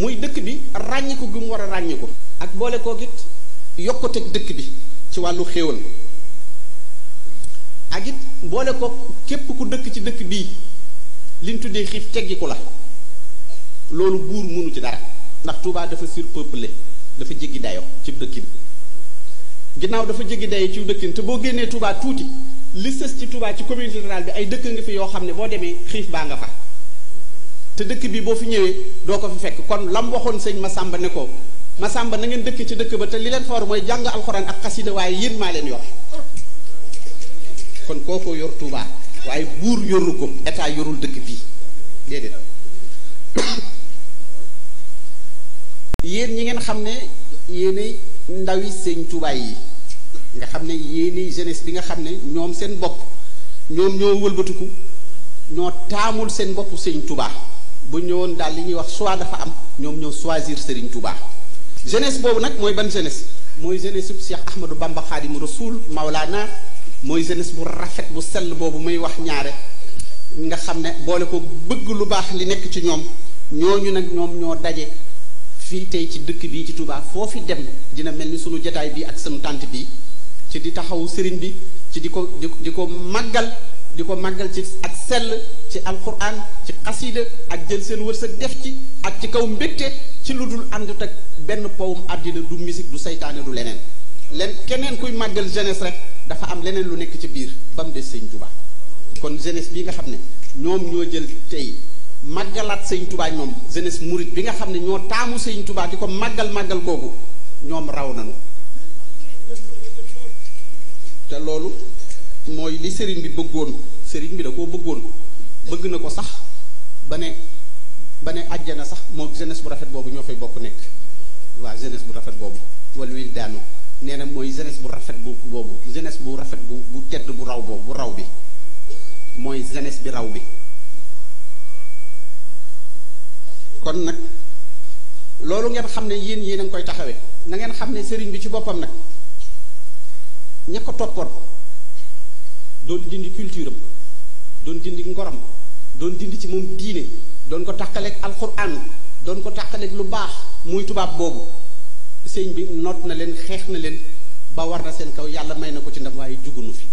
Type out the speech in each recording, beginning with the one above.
muy dëkk bi ràññiku gi mu war a ràññiku ak boole koo it yokkuteg dëkk bi ci wàllu xéewal ak it boole ko képp ku dëkk ci dëkk bii liñ tuddee xiif teggiku la loolu buur munu ci dara ndax tuubaa dafa surpeuplé dafa jéggi dayoo ci dëkkin ginnaaw dafa jéggi dayoo ci dëkkin te boo génnee Touba tuuti li sës ci Touba ci commune rurale bi ay dëkk nga fi yoo xam ne boo demee xiif baa nga fa te dëkk bi boo fi ñëwee doo ko fi fekk kon lam waxoon sëñ Masamba ne ko Masamba na ngeen dëkk ci dëkk ba te li leen foor mooy jàng alxuraan ak xasida waaye yéen maa leen yor kon kooku yor Touba waaye buur yoru ko état yorul dëkk bii déedéet yéen ñi ngeen xam ne yéenay ndawi sëñ Touba yi nga xam ne yéenay jeunesse bi nga xam ne ñoom seen bopp ñoom ñoo wëlbatiku ñoo taamul seen bopp sëñ tubaa bu ñëwoon daal li ñuy wax choix dafa am ñoom ñoo choisir Serigne Touba jeunesse boobu nag mooy ban jeunesse mooy jeunesse bu Cheikh Ahmadou Bamba Khadim Rasoul Maulana mooy jeunesse bu rafet bu sell boobu muy wax ñaare nga xam ne boole ko bëgg lu baax li nekk ci ñoom ñooñu nag ñoom ñoo daje fii tey ci dëkk bii ci Touba foofi dem dina mel ni suñu jotaay bii ak sunu tànt bi ci di taxaw sëriñ bi ci di ko di ko màggal di ko màggal ci ak sell ci alquran ci xasida ak jël seen wërsëg def ci ak ci kaw mbégte ci lu dul àndut ak benn powum àddina du musique du seytaane du leneen len keneen kuy màggal jeunesse rek dafa am leneen lu nekk ci biir ba mu des sëñ Touba kon jeunesse bi nga xam ne ñoom ñoo jël tey màggalaat sëñ Touba ñoom jeunesse murit bi nga xam ne ñoo taamu sëñ Touba di ko màggal màggal googu ñoom raw nañu te loolu mooy li sëriñ bi bëggoon sëriñ bi da koo bëggoon bëgg na ko sax ba ne ba ne àjjana sax moom jeunesse bu rafet boobu ñoo fay bokk nekk waa jeunesse bu rafet boobu wala wil daanu nee na mooy jeunesse bu rafet bu boobu jeunesse bu rafet bu bu tedd bu raw boobu bu raw bi mooy jeunesse bi raw bi kon nag loolu ngeen xam ne yéen yéen a koy taxawee na ngeen xam ne sëriñ bi ci boppam nag ña ko toppoon doon dindi culture am doon dindi ngorom doon dindi ci moom diine doon ko tàqaleeg alxuraan doon ko tàqaleeg lu baax muy tubaab boobu sëñ bi noot na leen xeex na leen ba war na seen kaw yàlla may na ko ci ndam waaye jugunu fi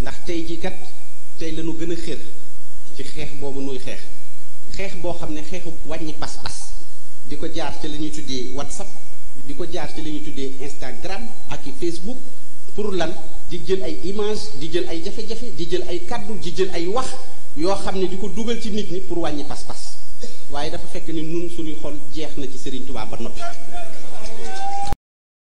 ndax tey jii kat tey la ñu gën a xër ci xeex boobu nuy xeex xeex boo xam ne xeexu wàññi pas-pas di ko jaar ci li ñuy tuddee whatsapp di ko jaar ci li ñuy tuddee instagram ak i facebook pour lan di jël ay image di jël ay jafe-jafe di jël ay kaddu di jël ay wax yoo xam ne di ko dugal ci nit ñi pour wàññi pas-pas waaye dafa fekk ni nun suñuy xol jeex na ci Serigne Touba ba noppi